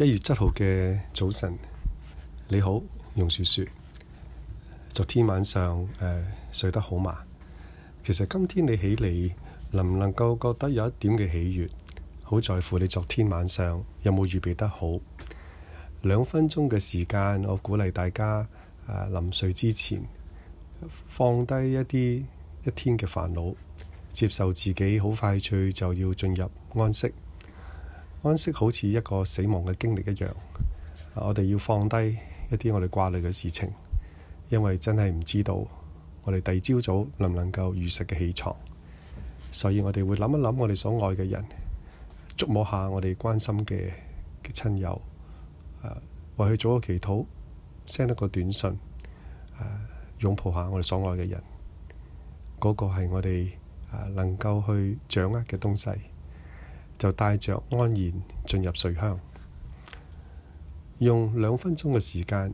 一月七號嘅早晨，你好，榕樹樹。昨天晚上、呃、睡得好嘛？其實今天你起嚟，能唔能夠覺得有一點嘅喜悅？好在乎你昨天晚上有冇預備得好？兩分鐘嘅時間，我鼓勵大家誒、呃、臨睡之前放低一啲一天嘅煩惱，接受自己好快脆就要進入安息。安息好似一個死亡嘅經歷一樣，我哋要放低一啲我哋掛慮嘅事情，因為真係唔知道我哋第二朝早能唔能夠如實嘅起床，所以我哋會諗一諗我哋所愛嘅人，觸摸下我哋關心嘅嘅親友，誒，去做一個祈禱，send 一個短信，誒，擁抱下我哋所愛嘅人，嗰、嗰個係我哋能夠去掌握嘅東西。就帶着安然進入睡鄉，用兩分鐘嘅時間，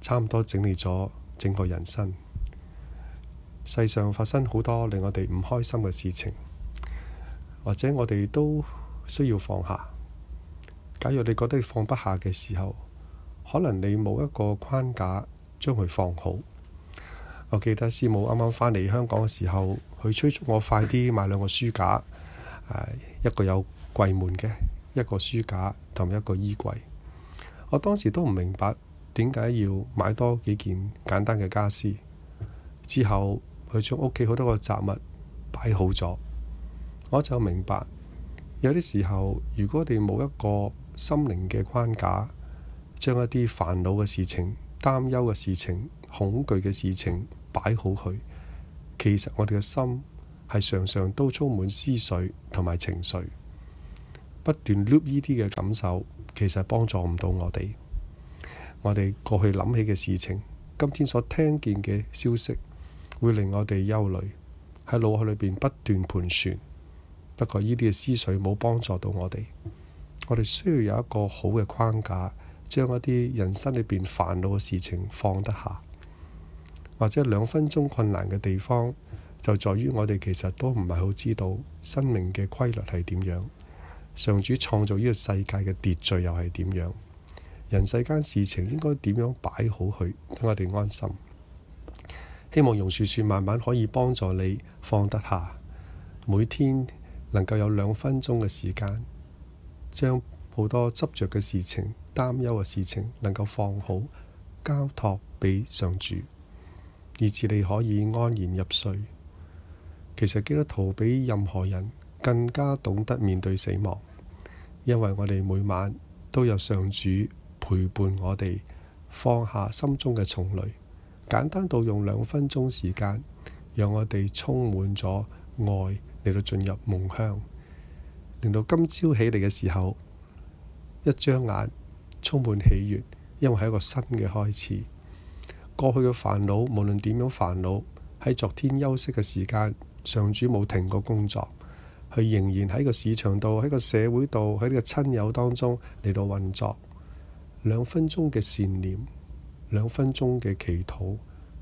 差唔多整理咗整個人生。世上發生好多令我哋唔開心嘅事情，或者我哋都需要放下。假如你覺得你放不下嘅時候，可能你冇一個框架將佢放好。我記得師母啱啱返嚟香港嘅時候，佢催促我快啲買兩個書架。一個有櫃門嘅一個書架同一個衣櫃，我當時都唔明白點解要買多幾件簡單嘅家私，之後佢將屋企好多個雜物擺好咗，我就明白有啲時候，如果我哋冇一個心靈嘅框架，將一啲煩惱嘅事情、擔憂嘅事情、恐懼嘅事情擺好佢，其實我哋嘅心，係常常都充滿思緒同埋情緒，不斷 loop 呢啲嘅感受，其實幫助唔到我哋。我哋過去諗起嘅事情，今天所聽見嘅消息，會令我哋憂慮，喺腦海裏邊不斷盤旋。不過呢啲嘅思緒冇幫助到我哋，我哋需要有一個好嘅框架，將一啲人生裏邊煩惱嘅事情放得下，或者兩分鐘困難嘅地方。就在於我哋其實都唔係好知道生命嘅規律係點樣，上主創造呢個世界嘅秩序又係點樣，人世間事情應該點樣擺好佢，等我哋安心。希望榕樹樹慢慢可以幫助你放得下，每天能夠有兩分鐘嘅時間將好多執着嘅事情、擔憂嘅事情能夠放好，交託俾上主，以致你可以安然入睡。其實基督徒比任何人更加懂得面對死亡，因為我哋每晚都有上主陪伴我哋放下心中嘅重纍，簡單到用兩分鐘時間，讓我哋充滿咗愛嚟到進入夢鄉，令到今朝起嚟嘅時候一張眼充滿喜悅，因為係一個新嘅開始。過去嘅煩惱，無論點樣煩惱，喺昨天休息嘅時間。上主冇停過工作，佢仍然喺個市場度，喺個社會度，喺呢個親友當中嚟到運作。兩分鐘嘅善念，兩分鐘嘅祈禱，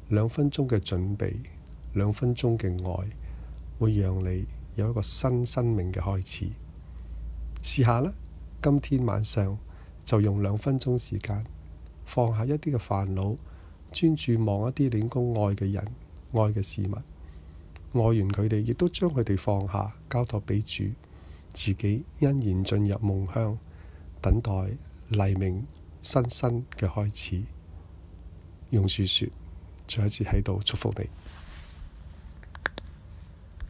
兩分鐘嘅準備，兩分鐘嘅愛，會讓你有一個新生命嘅開始。試下啦，今天晚上就用兩分鐘時間，放下一啲嘅煩惱，專注望一啲令公愛嘅人、愛嘅事物。愛完佢哋，亦都將佢哋放下，交託俾主，自己欣然進入夢鄉，等待黎明新生嘅開始。用樹說：再一次喺度祝福你。